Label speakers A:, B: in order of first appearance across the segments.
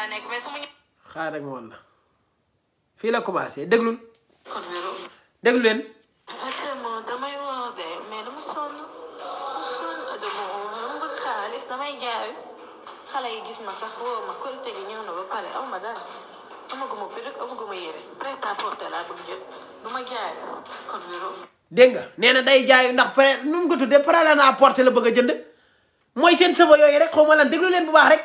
A: laa nekk mais sama.
B: xaar rek ma woon fii la commencé déglul. kon déglu leen.
A: actuellement damay woo de mais dama sonn sonn dama bëgg xaalis damay jaay xale yi gis ma sax woo ma korite gi ñëw na ba pare aw ma dara a perruque amaguma yére prêt à porter laa bëgg jël du ma jaay kon wéro.
B: nga nee na day jaay ndax pré nu mu ko tuddee prêt à porter la bëgg a jënd mooy seen sëfa yooyu rek xaw ma leen bu baax rek.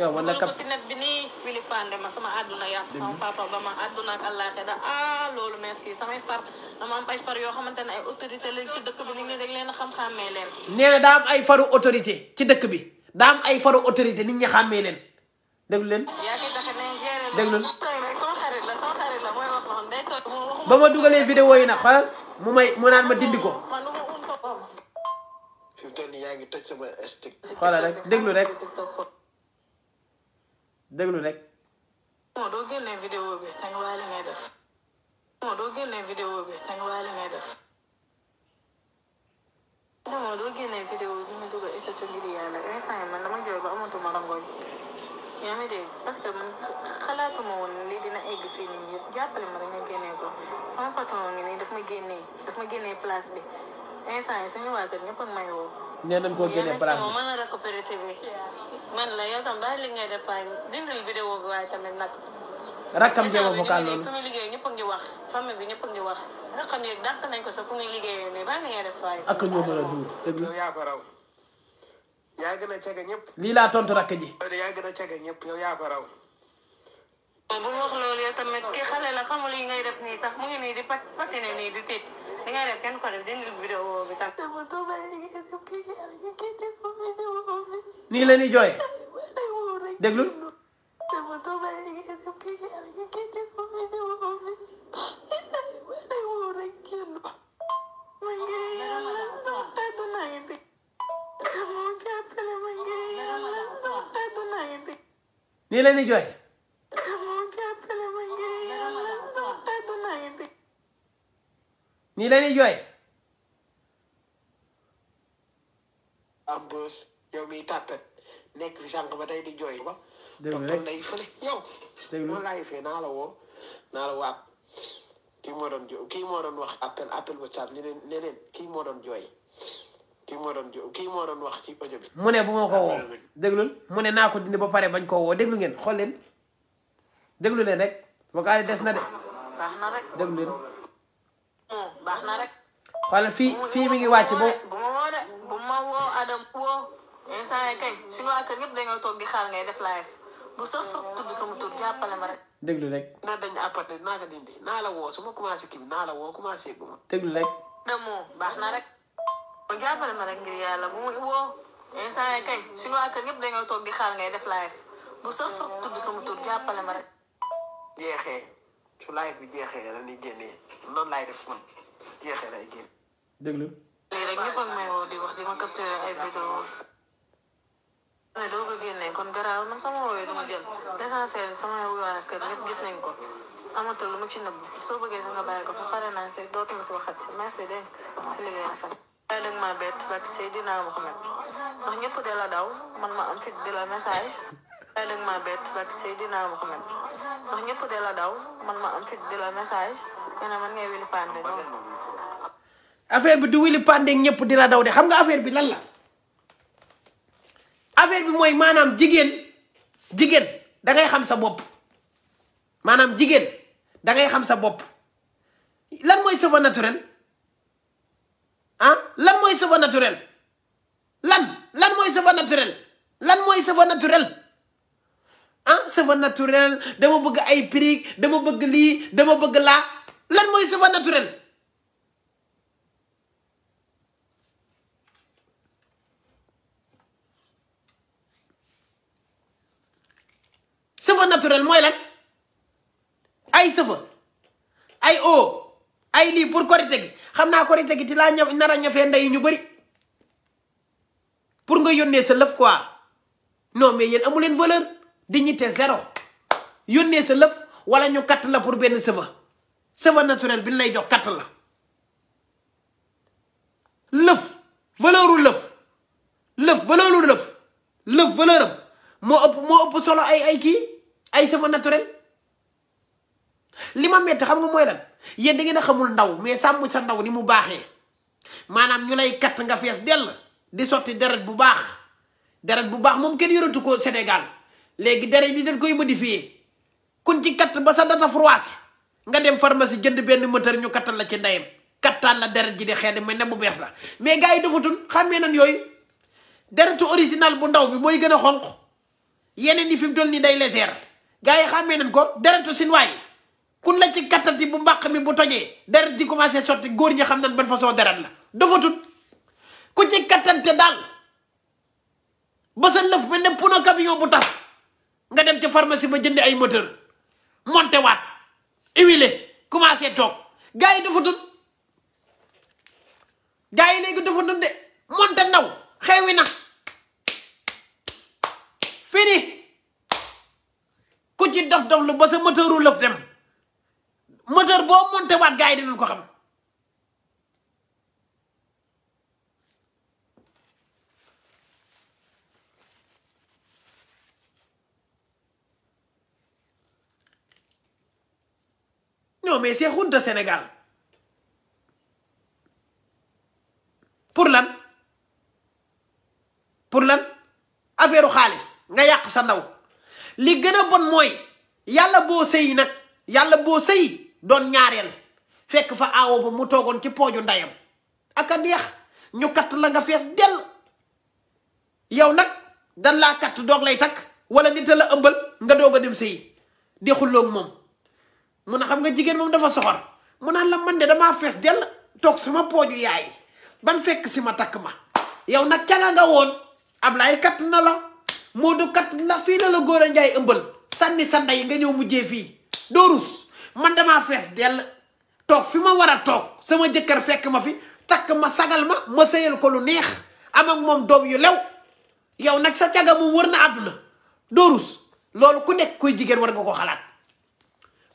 B: yow man la kap
A: si bi ma sama àdduna yàqu sama papa ba ma àdduna ak àllaaxira ah loolu merci sama far dama am ay far yoo xamante ay autorité lañ ci dëkk bi nit ñi xam
B: am ay faru autorité ci bi daa am ay faru autorité nit ñi xàmmee leen déglu leen déglu ba ma dugalee vidéo yi nag xoolal mu may mu naan ma dindi ko xoolal rek rek déglu rek.
A: moom doo génnee vidéo bi te ñu waa ngay def. moom doo génnee vidéo bi te ñu waa ngay def. moom doo génnee vidéo bi ñu dugg isatu ngir yàlla instant yi man dama jooy ba amatuma rangoñ. yaa ngi dégg parce que man xalaatuma woon lii dina egg fii nii yëpp jàppale ma rek génnee ko sama patron ngi nii daf ma génnee daf ma génnee place bi. instant yi suñu waa kër ñëpp ak may woo.
B: nee nañ koo génne branche bi mën
A: na récupérer bi man la yow tam daal li ngay def waaye dindil vidéo bi waaye tamit nag.
B: rakkam jéem vocal loolu fu muy
A: liggéey ñëpp a ngi wax famille bi ñëpp a ngi wax rakkam yeeg dàq nañ ko sax fu muy liggéeyee ne bàyyi li ngay def waaye. ak ñoo
B: mën a duur dëgg yow yaa ko raw
A: yaa gën a cege ñëpp.
B: lii laa tontu rakk ji.
A: yow yaa gën ñëpp yow yaa ko raw. bul wax loolu yow tamit ki xale la xamul yi ngay def nii sax mu ngi nii di pat patine nii di tiit li ngay def kenn ko def dindi vidéo bi tam.
B: nii la ñuy jooyee déglul. nii la ñuy jooyee. nii lañuy jooyee. Ambros yow miy tàppet nekk fi sànq ba tey di jooy ba. dëgg la docteur Ndeye fële yow. dëgg la woo naa la waat doon jo kii moo doon wax appel leen ne leen kii moo doon jooy kii moo doon jo kii moo doon wax ci audio bi. mu ne bu ma ko mu ne naa ko dindi ba pare bañ koo woo déglu xool leen leen des na de. baax leen. baax na rek. walla fii fii mu ngi wàcc bo
A: bu ma woo de bu ma woo Adam woo instant yi kay suñu waa kër yëpp dañoo toog gi xaal ngay def live bu sa sox tudd sama tur jàppale ma rek. déglu rek.
B: naa dañ apporté naa ko dindi naa la woo su commencé kii bi la woo commencé gu ma.
A: déglu baax na rek. kon jàppale ma rek ngir yàlla bu ma woo instant waa kër yëpp dañoo toog di ngay def live bu sa sox tudd sama tur jàppale ma rek.
B: jeexee. su live bi jeexee la ni génnee noonu laay def man
A: jeexee lay génn. déglu. lii rek ñëpp di wax di ma capturé ay kon garaaw man sama woowee ma jël l'essentiel sama waa kër ñëpp gis nañ ko amatul lu ma ci nëbb soo bëggee sax nga naa seeg dootuma si waxat si liggéey affaire waaye dag maa bett bàtt Seydina Mohamed de la daw man di la message waaye dag maa bett bàtt pour ñëpp de man ma am fit di la message nga man
B: bi du wili pande ñëpp di la daw de xam nga affaire bi lan la affaire bi mooy maanaam jigéen jigéen dangay xam sa bopp maanaam jigéen dangay xam sa bopp lan mooy cheveux naturel ah? lan mooy cheveux naturel lan lan mooy cheveux naturel lan mooy cheveux naturel ah sama naturel dama bëgg ay prix dama bëgg lii dama bëgg laa lan mooy sama naturel cheveux naturel mooy lan ay cheveux ay eau ay lii pour korite gi xam naa korite gi ti laa ña nar ndey ñu bëri pour nga yónnee sa lëf quoi non mais yéen ñité zéro yónnee sa leuf wala ñu kat la pour ben seva seva naturel bin lay jox kat la leuf valeuru leuf leuf valeuru leuf leuf valeur mo upp mo upp solo ay ay ki ay seva naturel lima ma metti xam nga moy lan yeen da ngeen xamul ndaw mais sammu sa ndaw ni mu baxé manam ñu lay kat nga fess del di soti deret bu bax deret bu bax mom ken yoratu ko senegal léegi dara ni dañ koy modifier kun ci kat ba sa data froissé nga dem pharmacie jënd benn moteur ñu katal la ci ndayem katal la dara ji di xeet mais ne bu bex la mais gaay yi dafatul xàmmee nan dara tu original bu ndaw bi moy gëna xonk xonq ni fim ni day légère gaay xamé nan ko sin way kun la ci ti bu mbàq mi bu tojee dara ji commencé sorti goor ñi xam nan ban façon dara la dafatul ku ci katante dal ba sa leuf mel ne pono camion bu tass nga dem ca pharmacie ba jënd ay moteur monté waat huilé commencé toog gaa yi dafa dund gars yi léegi dafa dund de monté ndaw xewi na fini ku ci dof dof lu ba sa moteuru lëf dem moteur boo monté waat gaa yi dinañ ko xam non mais c'est honte de Sénégal pour lan pour lan affaire xaalis nga yàq sa ndaw li gën a bon mooy yàlla boo sëy nag yàlla boo sëy doon ñaareel fekk fa aawo ba mu toogoon ci pooju ndeyam ak a ñu katt la nga fees dell yow nag dan laa katt doog lay takk wala nit a la ëmbal nga doog a dem sëyi di xulloog moom mu ne xam nga jigéen moom dafa soxor mu naan la man de dama fees del toog sama pooju yaay ban fekk si ma takk ma yow nag ca nga woon Ablaye kat na la Modou kat la fii la la góor a njaay ëmbal sànni sa wara nga ñëw mujjee fii dorus man dama fees del toog fi ma war a toog sama jëkkër fekk ma fi takk ma sagal ma ma sëyal ko lu neex am ak moom doom yu lew yow nag sa caga mu wër na àdduna doo loolu ku nekk kuy jigéen war nga ko xalaat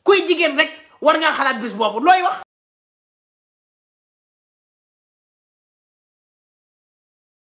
A: kuy jigéen rek war ngaa xalaat bis boobu looy wax.